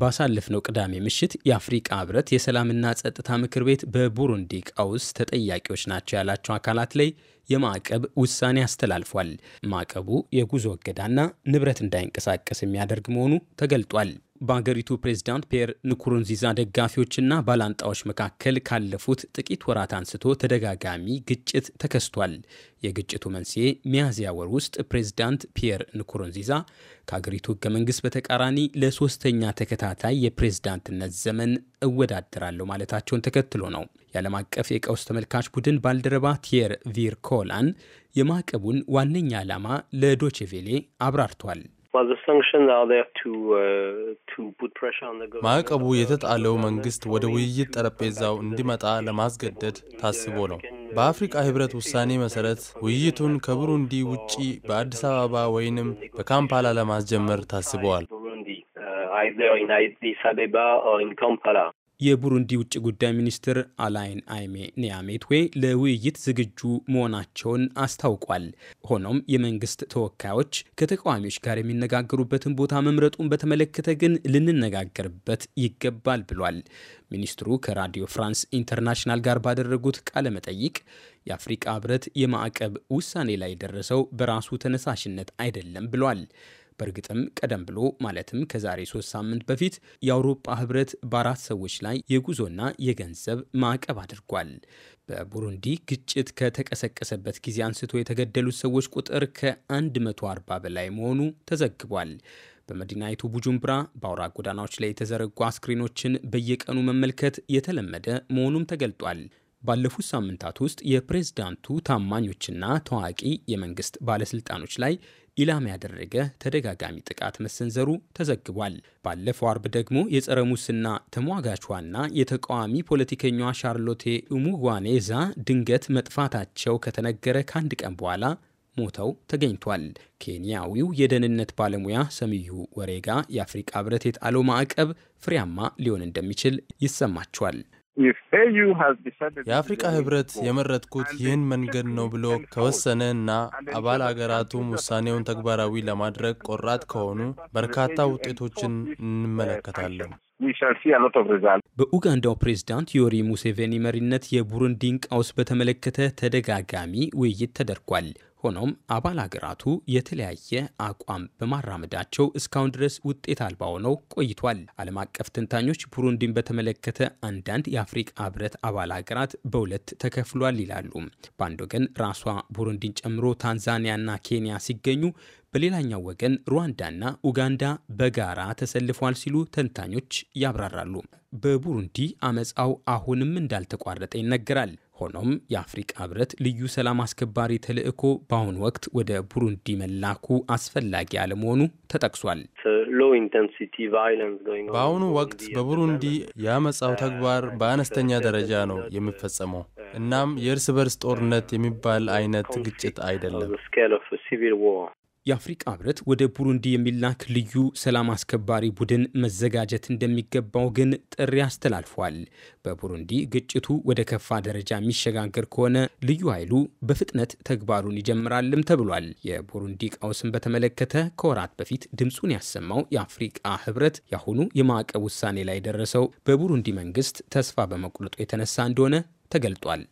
ባሳለፍነው ቅዳሜ ምሽት የአፍሪቃ ህብረት የሰላምና ጸጥታ ምክር ቤት በቡሩንዲ ቀውስ ተጠያቂዎች ናቸው ያላቸው አካላት ላይ የማዕቀብ ውሳኔ አስተላልፏል። ማዕቀቡ የጉዞ እገዳና ንብረት እንዳይንቀሳቀስ የሚያደርግ መሆኑ ተገልጧል። በአገሪቱ ፕሬዝዳንት ፒየር ንኩሩንዚዛ ደጋፊዎችና ባላንጣዎች መካከል ካለፉት ጥቂት ወራት አንስቶ ተደጋጋሚ ግጭት ተከስቷል። የግጭቱ መንስኤ ሚያዝያ ወር ውስጥ ፕሬዝዳንት ፒየር ንኩሩንዚዛ ከአገሪቱ ህገ መንግስት በተቃራኒ ለሶስተኛ ተከታታይ የፕሬዝዳንትነት ዘመን እወዳደራለሁ ማለታቸውን ተከትሎ ነው። የዓለም አቀፍ የቀውስ ተመልካች ቡድን ባልደረባ ቲየር ቪርኮላን የማዕቀቡን ዋነኛ ዓላማ ለዶቼቬሌ አብራርቷል። Uh, ማዕቀቡ የተጣለው መንግስት ወደ ውይይት ጠረጴዛው እንዲመጣ ለማስገደድ ታስቦ ነው። በአፍሪቃ ህብረት ውሳኔ መሰረት ውይይቱን ከቡሩንዲ ውጪ በአዲስ አበባ ወይንም በካምፓላ ለማስጀመር ታስበዋል። የቡሩንዲ ውጭ ጉዳይ ሚኒስትር አላይን አይሜ ኒያሜትዌ ለውይይት ዝግጁ መሆናቸውን አስታውቋል። ሆኖም የመንግስት ተወካዮች ከተቃዋሚዎች ጋር የሚነጋገሩበትን ቦታ መምረጡን በተመለከተ ግን ልንነጋገርበት ይገባል ብሏል። ሚኒስትሩ ከራዲዮ ፍራንስ ኢንተርናሽናል ጋር ባደረጉት ቃለ መጠይቅ የአፍሪቃ ህብረት የማዕቀብ ውሳኔ ላይ የደረሰው በራሱ ተነሳሽነት አይደለም ብሏል። በእርግጥም ቀደም ብሎ ማለትም ከዛሬ ሶስት ሳምንት በፊት የአውሮፓ ህብረት በአራት ሰዎች ላይ የጉዞና የገንዘብ ማዕቀብ አድርጓል። በቡሩንዲ ግጭት ከተቀሰቀሰበት ጊዜ አንስቶ የተገደሉት ሰዎች ቁጥር ከ140 በላይ መሆኑ ተዘግቧል። በመዲናይቱ ቡጁምብራ በአውራ ጎዳናዎች ላይ የተዘረጉ አስክሬኖችን በየቀኑ መመልከት የተለመደ መሆኑም ተገልጧል። ባለፉት ሳምንታት ውስጥ የፕሬዝዳንቱ ታማኞችና ታዋቂ የመንግስት ባለስልጣኖች ላይ ኢላማ ያደረገ ተደጋጋሚ ጥቃት መሰንዘሩ ተዘግቧል። ባለፈው አርብ ደግሞ የጸረ ሙስና ተሟጋቿና የተቃዋሚ ፖለቲከኛዋ ሻርሎቴ ሙጓኔዛ ድንገት መጥፋታቸው ከተነገረ ከአንድ ቀን በኋላ ሞተው ተገኝቷል። ኬንያዊው የደህንነት ባለሙያ ሰሚዩ ወሬጋ የአፍሪቃ ህብረት የጣለው ማዕቀብ ፍሬያማ ሊሆን እንደሚችል ይሰማቸዋል። የአፍሪቃ ህብረት የመረጥኩት ይህን መንገድ ነው ብሎ ከወሰነ እና አባል አገራቱም ውሳኔውን ተግባራዊ ለማድረግ ቆራጥ ከሆኑ በርካታ ውጤቶችን uh, እንመለከታለን። በኡጋንዳው ፕሬዝዳንት ዮሪ ሙሴቬኒ መሪነት የቡሩንዲን ቀውስ በተመለከተ ተደጋጋሚ ውይይት ተደርጓል። ሆኖም አባል ሀገራቱ የተለያየ አቋም በማራመዳቸው እስካሁን ድረስ ውጤት አልባ ሆነው ቆይቷል። ዓለም አቀፍ ተንታኞች ቡሩንዲን በተመለከተ አንዳንድ የአፍሪቃ ህብረት አባል ሀገራት በሁለት ተከፍሏል ይላሉ። በአንድ ወገን ራሷ ቡሩንዲን ጨምሮ ታንዛኒያና ኬንያ ሲገኙ በሌላኛው ወገን ሩዋንዳና ኡጋንዳ በጋራ ተሰልፏል ሲሉ ተንታኞች ያብራራሉ። በቡሩንዲ አመፃው አሁንም እንዳልተቋረጠ ይነገራል። ሆኖም የአፍሪቃ ህብረት ልዩ ሰላም አስከባሪ ተልእኮ በአሁኑ ወቅት ወደ ቡሩንዲ መላኩ አስፈላጊ አለመሆኑ ተጠቅሷል። በአሁኑ ወቅት በቡሩንዲ የአመፃው ተግባር በአነስተኛ ደረጃ ነው የሚፈጸመው። እናም የእርስ በርስ ጦርነት የሚባል አይነት ግጭት አይደለም። የአፍሪቃ ህብረት ወደ ቡሩንዲ የሚላክ ልዩ ሰላም አስከባሪ ቡድን መዘጋጀት እንደሚገባው ግን ጥሪ አስተላልፏል። በቡሩንዲ ግጭቱ ወደ ከፋ ደረጃ የሚሸጋገር ከሆነ ልዩ ኃይሉ በፍጥነት ተግባሩን ይጀምራልም ተብሏል። የቡሩንዲ ቀውስን በተመለከተ ከወራት በፊት ድምፁን ያሰማው የአፍሪቃ ህብረት የአሁኑ የማዕቀብ ውሳኔ ላይ ደረሰው በቡሩንዲ መንግስት ተስፋ በመቁረጡ የተነሳ እንደሆነ ተገልጧል።